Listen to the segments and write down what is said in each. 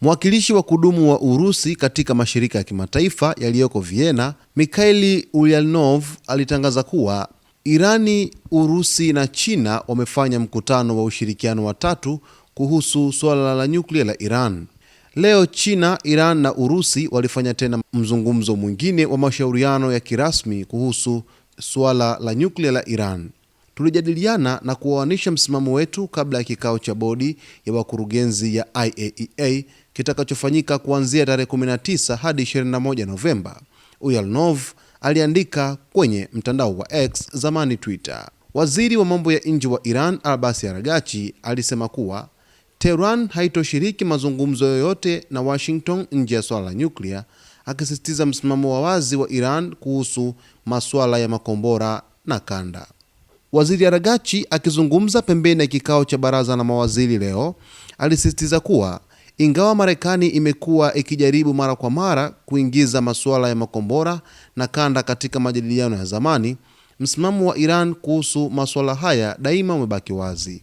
Mwakilishi wa kudumu wa Urusi katika mashirika ya kimataifa yaliyoko Vienna, mikhaeli Ulyanov alitangaza kuwa Irani, Urusi na China wamefanya mkutano wa ushirikiano wa tatu kuhusu suala la nyuklia la Iran. Leo China, Iran na Urusi walifanya tena mzungumzo mwingine wa mashauriano ya kirasmi kuhusu suala la nyuklia la Iran tulijadiliana na kuoanisha msimamo wetu kabla ya kikao cha bodi ya wakurugenzi ya IAEA e kitakachofanyika kuanzia tarehe 19 hadi 21 Novemba. Uyalnov aliandika kwenye mtandao wa X, zamani Twitter. Waziri wa mambo ya nje wa Iran Abbas aragachi alisema kuwa Tehran haitoshiriki mazungumzo yoyote na Washington nje ya swala la nyuklia, akisisitiza msimamo wa wazi wa Iran kuhusu masuala ya makombora na kanda. Waziri Aragachi akizungumza pembeni ya kikao cha baraza la mawaziri leo alisisitiza kuwa ingawa Marekani imekuwa ikijaribu mara kwa mara kuingiza masuala ya makombora na kanda katika majadiliano ya zamani, msimamo wa Iran kuhusu masuala haya daima umebaki wazi.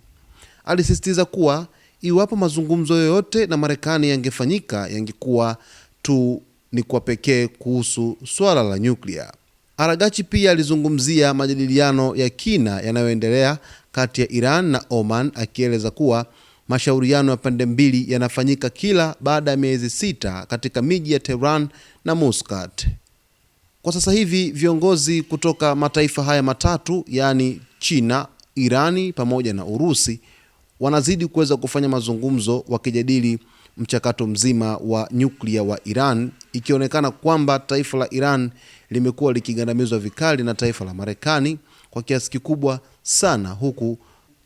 Alisisitiza kuwa iwapo mazungumzo yoyote na Marekani yangefanyika, yangekuwa tu ni kwa pekee kuhusu swala la nyuklia. Aragachi pia alizungumzia majadiliano ya kina yanayoendelea kati ya Iran na Oman akieleza kuwa mashauriano ya pande mbili yanafanyika kila baada ya miezi sita katika miji ya Tehran na Muscat. Kwa sasa hivi viongozi kutoka mataifa haya matatu yaani China, Irani pamoja na Urusi wanazidi kuweza kufanya mazungumzo wakijadili mchakato mzima wa nyuklia wa Iran, ikionekana kwamba taifa la Iran limekuwa likigandamizwa vikali na taifa la Marekani kwa kiasi kikubwa sana, huku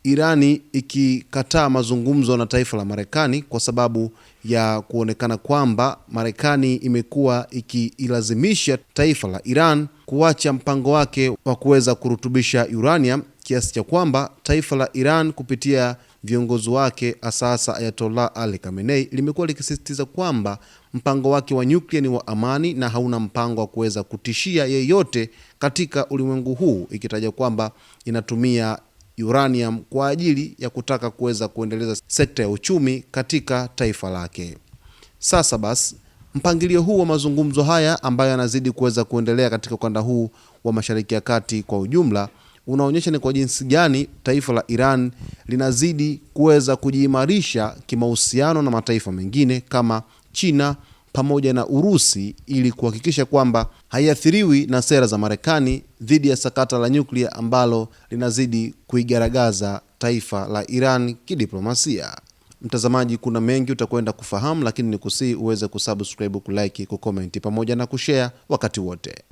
Irani ikikataa mazungumzo na taifa la Marekani kwa sababu ya kuonekana kwamba Marekani imekuwa ikiilazimisha taifa la Iran kuacha mpango wake wa kuweza kurutubisha uranium kiasi cha kwamba taifa la Iran kupitia viongozi wake asasa Ayatollah Ali Khamenei limekuwa likisisitiza kwamba mpango wake wa nyuklia ni wa amani na hauna mpango wa kuweza kutishia yeyote katika ulimwengu huu, ikitaja kwamba inatumia uranium kwa ajili ya kutaka kuweza kuendeleza sekta ya uchumi katika taifa lake. Sasa basi mpangilio huu wa mazungumzo haya ambayo yanazidi kuweza kuendelea katika ukanda huu wa Mashariki ya Kati kwa ujumla unaonyesha ni kwa jinsi gani taifa la Iran linazidi kuweza kujiimarisha kimahusiano na mataifa mengine kama China pamoja na Urusi ili kuhakikisha kwamba haiathiriwi na sera za Marekani dhidi ya sakata la nyuklia ambalo linazidi kuigaragaza taifa la Iran kidiplomasia. Mtazamaji, kuna mengi utakwenda kufahamu, lakini ni kusii uweze kusubscribe, kulike, kukomenti pamoja na kushare wakati wote.